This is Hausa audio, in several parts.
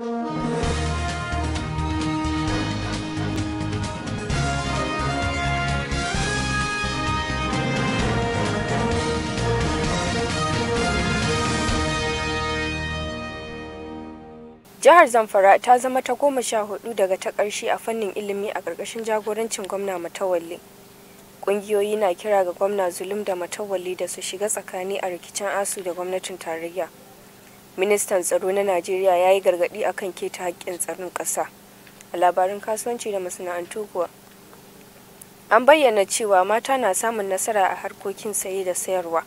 Jihar Zamfara ta zama ta goma sha hudu daga ta karshe a fannin ilimi a ƙarƙashin jagorancin gwamna Matawalli. Ƙungiyoyi na kira ga gwamna Zulum da Matawalli da su shiga tsakani a rikicin asu da gwamnatin tarayya. ministan tsaro na najeriya ya yi gargadi gargaɗi kan keta hakkin tsaron ƙasa a labarin kasuwanci da masana'antu kuwa an bayyana cewa mata na samun nasara a harkokin saye da sayarwa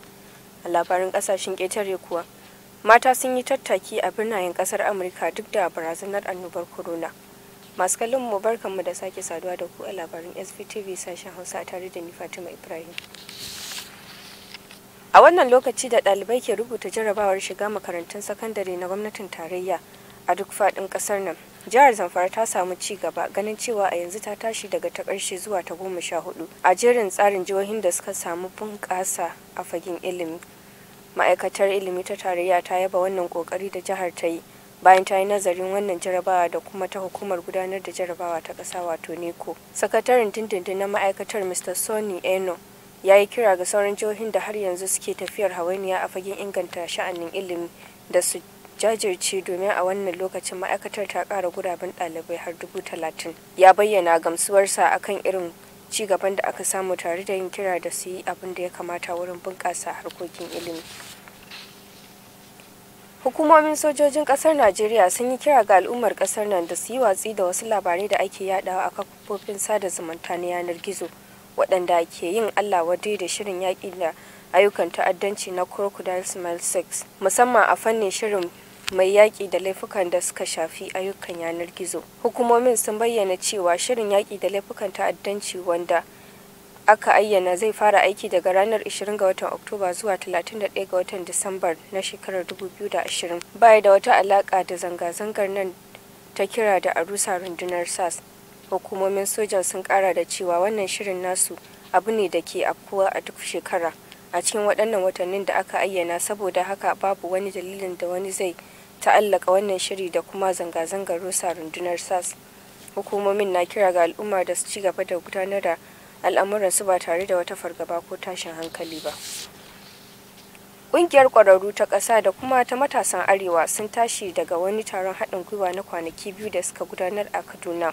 a labarin ƙasashen ƙetare kuwa mata sun yi tattaki a birnayen ƙasar amurka duk da barazanar annobar corona masu kallon mu barkanmu da sake saduwa da ku a labarin svtv sashen hausa tare da ni fatima ibrahim a wannan lokaci da ɗalibai ke rubuta jarrabawar shiga makarantun sakandare na gwamnatin tarayya a duk faɗin ƙasar nan jihar zamfara ta samu ci gaba ganin cewa a yanzu ta tashi daga ta ƙarshe zuwa ta goma sha hudu a jerin tsarin jihohin da suka samu bunƙasa a fagen ilimi ma'aikatar ilimi ta tarayya ta yaba wannan ƙoƙari da jihar ta yi bayan ta yi nazarin wannan jarabawa da kuma ta hukumar gudanar da jarabawa ta ƙasa wato neko sakataren dindindin na ma'aikatar mr Sonny eno ya yi kira ga sauran jihohin da har yanzu suke tafiyar hawainiya a fagen inganta sha'anin ilimi da su jajirce domin a wannan lokacin ma'aikatar ta ƙara guraben ɗalibai har dubu talatin ya bayyana gamsuwarsa akan irin ci gaban da aka samu tare da yin kira da su yi abin da ya kamata wurin bunƙasa harkokin ilimi hukumomin sojojin kasar najeriya sun yi kira ga al'ummar kasar nan da su yi watsi da wasu labarai da ake yadawa a kafofin sada zumunta na yanar gizo waɗanda ke yin Allah wadai da shirin yaƙi da ayyukan ta'addanci na Crocodile Smile 6 musamman a fannin shirin mai yaƙi da laifukan da suka shafi ayyukan yanar gizo. Hukumomin sun bayyana cewa shirin yaƙi da laifukan ta'addanci wanda aka ayyana zai fara aiki daga ranar 20 ga watan Oktoba zuwa 31 ga watan Disambar na shekarar 2020. Baya da wata alaƙa da zanga-zangar nan ta kira da arusa rundunar SAS. hukumomin sojan sun kara da cewa wannan shirin nasu abu ne da ke afkuwa a duk shekara a cikin waɗannan watannin da aka ayyana saboda haka babu wani dalilin da wani zai ta'allaka wannan shiri da kuma zanga-zangar rusa rundunar sas hukumomin na kira ga al'umma da su ci gaba da gudanar da al'amuran su ba tare da wata fargaba ko tashin hankali ba ƙungiyar ƙwararru ta ƙasa da kuma ta matasan arewa sun tashi daga wani taron haɗin gwiwa na kwanaki biyu da suka gudanar a kaduna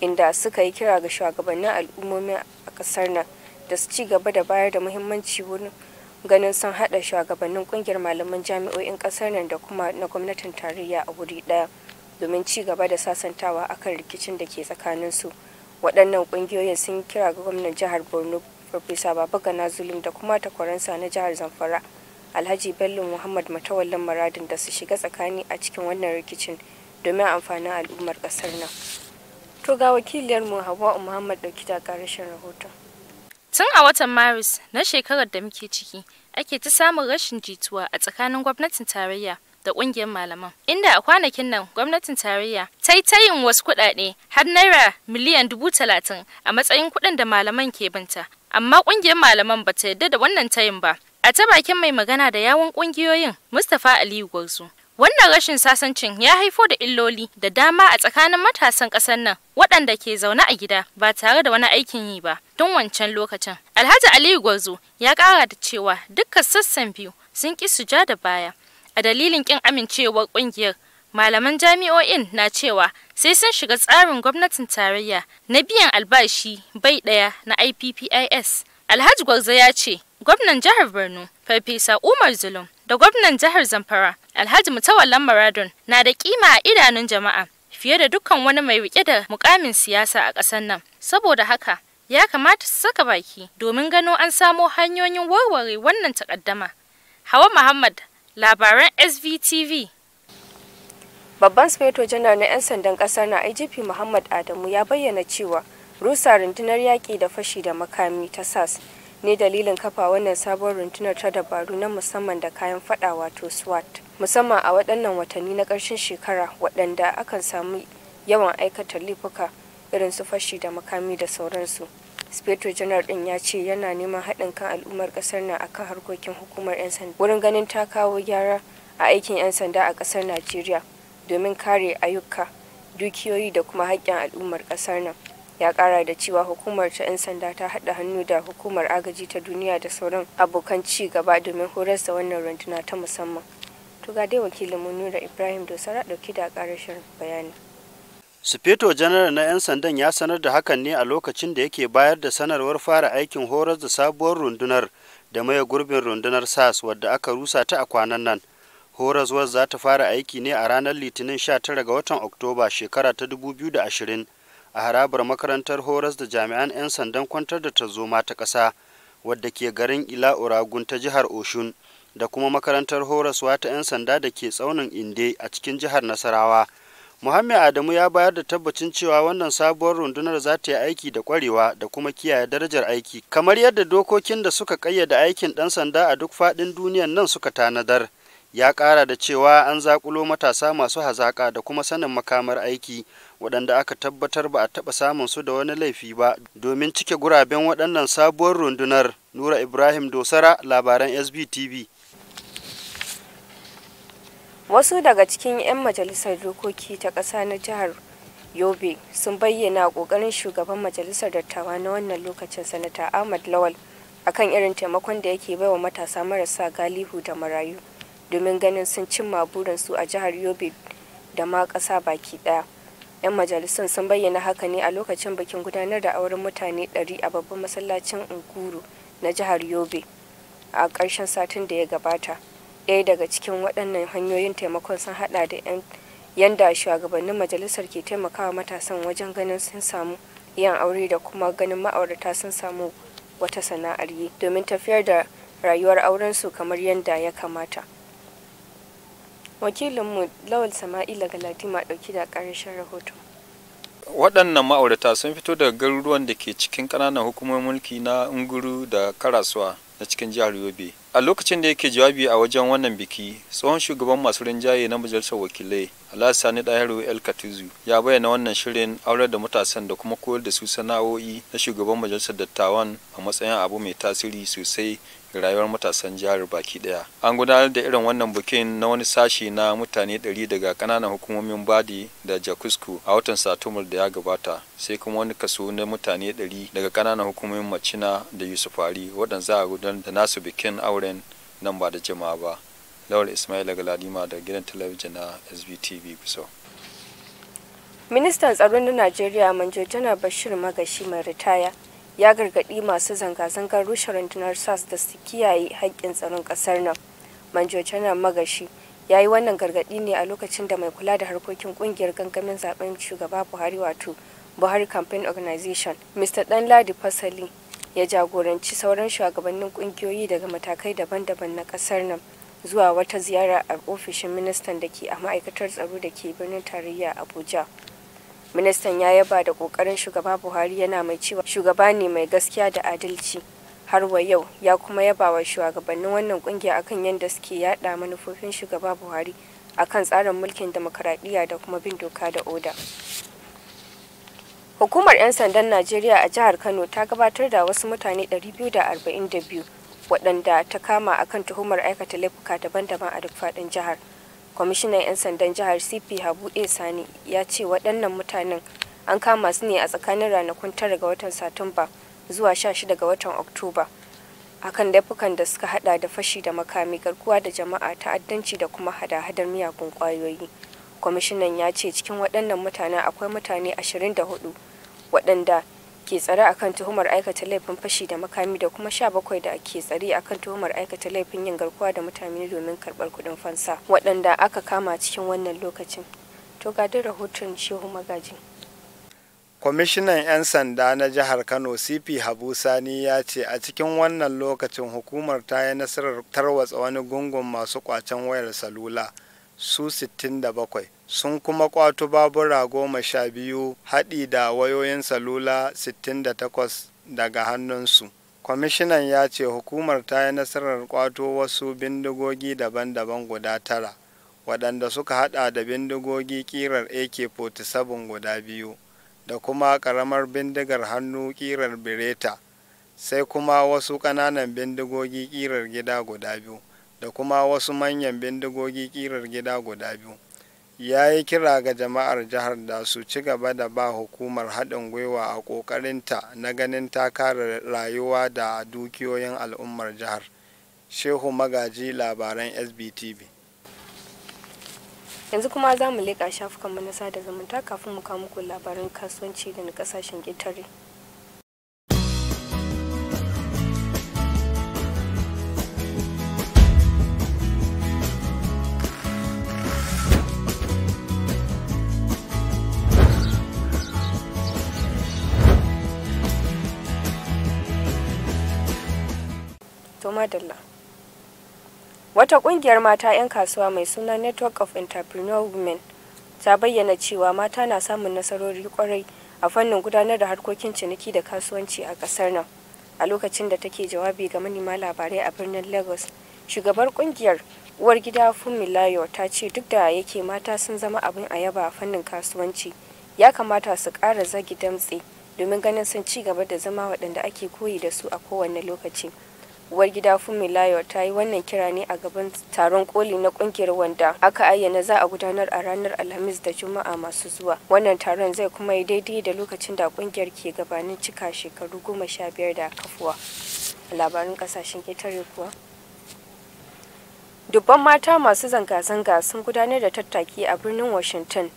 inda suka yi kira ga shugabannin al'ummomi a kasar nan da su ci gaba da bayar da muhimmanci wurin ganin sun hada shugabannin kungiyar malaman jami'o'in kasar nan da kuma na gwamnatin tarayya a wuri daya domin ci gaba da sasantawa akan rikicin da ke tsakanin su waɗannan kungiyoyin sun kira ga gwamnan jihar borno farfesa babagana zulum da kuma takwaransa na jihar zamfara alhaji bello muhammad matawallan maradin da su shiga tsakani a cikin wannan rikicin domin amfanin al'ummar kasar nan To ga wakiliyarmu Hawwa Muhammad ɗauki da rahoto. rahoton. Tun a watan Maris na shekarar da muke ciki, ake ta samun rashin jituwa a tsakanin gwamnatin tarayya da kungiyar malaman. Inda a kwanakin nan gwamnatin tarayya ta yi tayin wasu kuɗaɗe har naira miliyan dubu talatin a matsayin kuɗin da malaman ke binta. Amma kungiyar malaman ba ta yarda da wannan tayin ba. A ta bakin mai magana da yawun ƙungiyoyin Mustapha Aliyu Gwarzo. Wannan rashin sasancin ya haifo da illoli da dama a tsakanin matasan ƙasar nan waɗanda ke zaune a gida ba tare da wani aikin yi ba tun wancan lokacin. Alhaji Aliyu Gwarzo ya ƙara da cewa dukkan sassan biyu sun ƙi su ja da baya. A dalilin ƙin amincewar ƙungiyar, malaman jami'o'in na cewa sai sun shiga tsarin gwamnatin tarayya na biyan albashi bai ɗaya na IPPIS. Alhaji Gwarzo ya ce, gwamnan jihar Borno, Farfesa Umar Zulum da gwamnan jihar Zamfara Alhaji Mutawallan Maradon na da kima a idanun jama'a fiye da dukkan wani mai rike da mukamin siyasa a ƙasar nan. Saboda haka ya kamata su saka baki domin gano an samo hanyoyin warware wannan takaddama. Hawa Muhammad labaran SVTV. Babban Sufeto Janar na 'yan sandan ƙasar na IGP Muhammad Adamu ya bayyana cewa rusa rundunar yaƙi da fashi da makami ta SAS ne dalilin kafa wannan sabon runtunar ta dabaru na musamman da kayan fada wato SWAT. Musamman a waɗannan watanni na ƙarshen shekara waɗanda akan samu yawan aikata laifuka irin su fashi da makami da sauransu. Spector Janar din ya ce yana neman haɗin kan al'ummar ƙasar nan akan harkokin hukumar 'yan sanda wurin ganin ta kawo gyara a aikin 'yan sanda a ƙasar Najeriya domin kare ayyuka, dukiyoyi da kuma haƙƙin al'ummar ƙasar nan. ya kara da cewa hukumar ta 'yan sanda ta hada hannu da hukumar agaji ta duniya da sauran abokan ci gaba domin horar da wannan runduna ta musamman to ga dai wakilin nura ibrahim dosara dauki da karashin bayani sufeto janar na 'yan sandan ya sanar da hakan ne a lokacin da yake bayar da sanarwar fara aikin horar da sabuwar rundunar da maye gurbin rundunar sas wadda aka rusa ta a kwanan nan horas za ta fara aiki ne a ranar litinin 19 ga watan oktoba shekara ta 2020 a harabar makarantar horas da jami'an 'yan sandan kwantar da tarzoma ta ƙasa wadda ke garin ila uragun ta jihar oshun da kuma makarantar horaswa ta 'yan sanda da ke tsaunin inde a cikin jihar nasarawa muhammed adamu ya bayar da tabbacin cewa wannan sabuwar rundunar za ta yi aiki da kwarewa da kuma kiyaye darajar aiki kamar yadda dokokin da suka kayyada aikin ɗan sanda a duk faɗin duniyan nan suka tanadar ya ƙara da cewa an zakulo matasa masu hazaƙa da kuma sanin makamar aiki waɗanda aka tabbatar ba a taɓa samun su da wani laifi ba domin cike guraben waɗannan sabuwar rundunar nura ibrahim dosara labaran sbtv wasu daga cikin 'yan majalisar dokoki ta ƙasa na jihar yobe sun bayyana ƙoƙarin shugaban majalisar dattawa na wannan lokacin sanata ahmad lawal akan irin taimakon da yake baiwa matasa marasa galihu da marayu domin ganin sun cimma burinsu a jihar yobe da ma ƙasa baki ɗaya 'yan majalisar sun bayyana haka ne a lokacin bikin gudanar da auren mutane 100 a babban masallacin unguru na jihar yobe a ƙarshen satin da ya gabata ɗaya daga cikin waɗannan hanyoyin taimakon sun hada da 'yan yanda shugabannin majalisar ke taimakawa matasan wajen ganin sun samu yin aure da kuma ganin ma'aurata sun samu wata sana'ar yi domin tafiyar da rayuwar aurensu kamar yadda ya kamata wakilinmu lawal sama'ila galatima ɗauki da karshen rahoto waɗannan ma'aurata sun fito daga garuruwan da ke cikin ƙananan hukumar mulki na unguru da karasuwa na cikin jihar yobe a lokacin da yake jawabi a wajen wannan biki tsohon shugaban masu rinjaye na majalisar wakilai Alhassani Dahiru El Katizu ya bayyana wannan shirin aurar da matasan da kuma koyar da su sana'o'i na shugaban majalisar dattawan a matsayin abu mai tasiri sosai ga rayuwar matasan jihar baki daya. An gudanar da irin wannan bukin na wani sashi na mutane 100 daga kananan hukumomin Badi da Jakusku a watan Satumar da ya gabata, sai kuma wani kaso na mutane 100 daga kananan hukumomin Macina da Yusufari waɗanda za a gudanar da nasu bikin auren nan ba da jama'a ba. Laura Ismaila Galadima da gidan talabijin na SBTV biso Ministan tsaron na Najeriya Manjo Janar Bashir Magashi mai ritaya ya gargaɗi masu zanga-zangar rushe rundunar SAS da su kiyaye haƙƙin tsaron ƙasar nan. Manjo Janar Magashi ya yi wannan gargaɗi ne a lokacin da mai kula da harkokin ƙungiyar gangamin zaben shugaba Buhari wato Buhari Campaign Organization, Mr. Danladi Fasali ya jagoranci sauran shugabannin ƙungiyoyi daga matakai daban-daban na ƙasar nan zuwa wata ziyara a ofishin ministan da ke a ma'aikatar tsaro da ke birnin tarayya abuja ministan ya yaba da kokarin shugaba buhari yana mai cewa shugaba ne mai gaskiya da adalci har wa yau ya kuma yaba wa shugabannin wannan kungiya akan yadda suke yada manufofin shugaba buhari akan tsarin mulkin demokradiyya da kuma bin doka da oda hukumar 'yan sandan najeriya a jihar kano ta gabatar da wasu mutane 242 waɗanda ta kama akan tuhumar aikata laifuka daban-daban a duk faɗin jihar kwamishinan 'yan sandan jihar cp habu a sani ya ce waɗannan mutanen an kama su ne a tsakanin ranakun 9 ga watan satumba zuwa sha 16 ga watan oktoba akan laifukan da suka hada da fashi da makami garkuwa da jama'a ta'addanci da kuma hada-hadar miyagun kwayoyi kwamishinan ya ce cikin waɗannan mutanen akwai mutane ashirin da hudu waɗanda ke tsare akan tuhumar aikata laifin fashi da makami da kuma sha bakwai da ke tsare akan tuhumar aikata laifin yin garkuwa da mutane domin karbar kudin fansa waɗanda aka kama cikin wannan lokacin. To ga rahoton Shehu Magaji. kwamishinan 'yan sanda na jihar kano cp habu sani ya ce a cikin wannan lokacin hukumar ta yi nasarar tarwatsa wani gungun masu kwacen wayar salula su 67 sun kuma kwato babura goma sha biyu haɗi da wayoyin salula 68 daga hannunsu. Kwamishinan ya ce hukumar ta yi nasarar kwato wasu bindigogi daban-daban guda tara, waɗanda suka haɗa da bindigogi ƙirar AK-47 guda biyu, da kuma ƙaramar bindigar hannu ƙirar Bireta, sai kuma wasu ƙananan bindigogi ƙirar gida guda biyu, da kuma wasu manyan bindigogi ƙirar gida guda biyu. ya yi kira ga jama'ar jihar da su ci gaba da ba hukumar haɗin gwiwa a ƙoƙarinta na ganin ta kare rayuwa da dukiyoyin al'ummar jihar shehu magaji labaran sbtv yanzu kuma za mu leƙa shafukan manasa da zumunta kafin mu kawo muku labaran kasuwanci da na ƙasashen ƙetare. madalla wata kungiyar mata 'yan kasuwa mai suna network of entrepreneur women ta bayyana cewa mata na samun nasarori kwarai a fannin gudanar da harkokin ciniki da kasuwanci a kasar nan a lokacin da take jawabi ga manema labarai a birnin lagos shugabar kungiyar uwar gida fumilayo ta ce duk da yake mata sun zama abin a yaba a fannin kasuwanci ya kamata su ƙara zagi damtse domin ganin sun ci gaba da zama waɗanda ake koyi da su a kowane lokaci uwar gida fumilayo ta yi wannan kira ne a gaban taron koli na kungiyar wanda aka ayyana za a gudanar a ranar alhamis da juma'a masu zuwa wannan taron zai kuma yi daidai da lokacin da kungiyar ke gabanin cika shekaru goma sha biyar da kafuwa labarin kasashen ketare kuwa dubban mata masu zanga-zanga sun gudanar da tattaki a birnin washington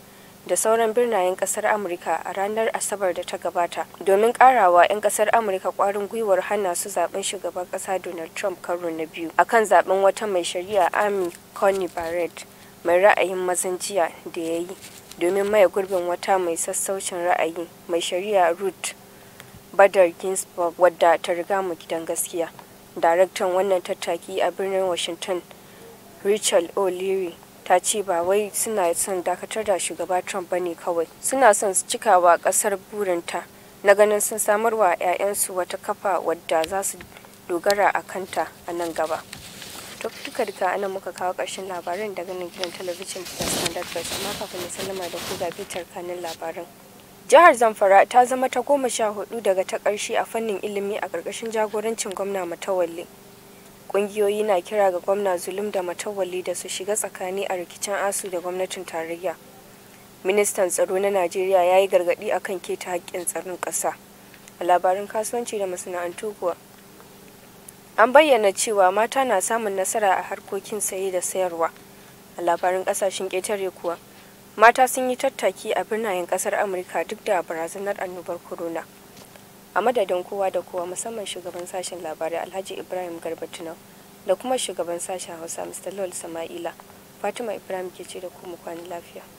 da sauran birnayen kasar amurka a ranar asabar da ta gabata domin karawa 'yan kasar amurka kwarin gwiwar hana su zaben shugaban kasa donald trump karo na biyu akan zaben wata mai shari'a amy coney barrett mai ra'ayin mazan jiya da ya yi domin maye gurbin wata mai sassaucin ra'ayi mai shari'a ruth badar ginsburg wadda ta riga mu gidan gaskiya daraktan wannan tattaki a birnin washington richard o'leary ta ce ba wai suna son dakatar da shugaba trump ba ne kawai suna son su cikawa kasar burinta na ganin sun samarwa 'ya'yansu wata kafa wadda za su dogara a kanta a nan gaba duka duka anan muka kawo ƙarshen labarin daga nan gidan talabijin da standard press amma kafin sallama da ku ga bitar kanin labarin jihar zamfara ta zama ta goma sha hudu daga ta karshe a fannin ilimi a karkashin jagorancin gwamna matawalle Ƙungiyoyi na kira ga gwamna Zulum da Matawalli da su shiga tsakani a rikicin ASU da gwamnatin tarayya. Ministan tsaro na Najeriya ya yi gargadi a kan keta haƙƙin tsaron ƙasa. A labarin kasuwanci da masana'antu kuwa. An bayyana cewa mata na samun nasara a harkokin saye da sayarwa. A labarin ƙasashen ƙetare kuwa. Mata sun yi tattaki a birnayen ƙasar Amurka duk da barazanar annobar corona. a madadin kowa da kowa musamman shugaban sashen labarai alhaji ibrahim garba tunau da kuma shugaban sashen hausa mr lol sama'ila fatima ibrahim ke ce da kuma kwanin lafiya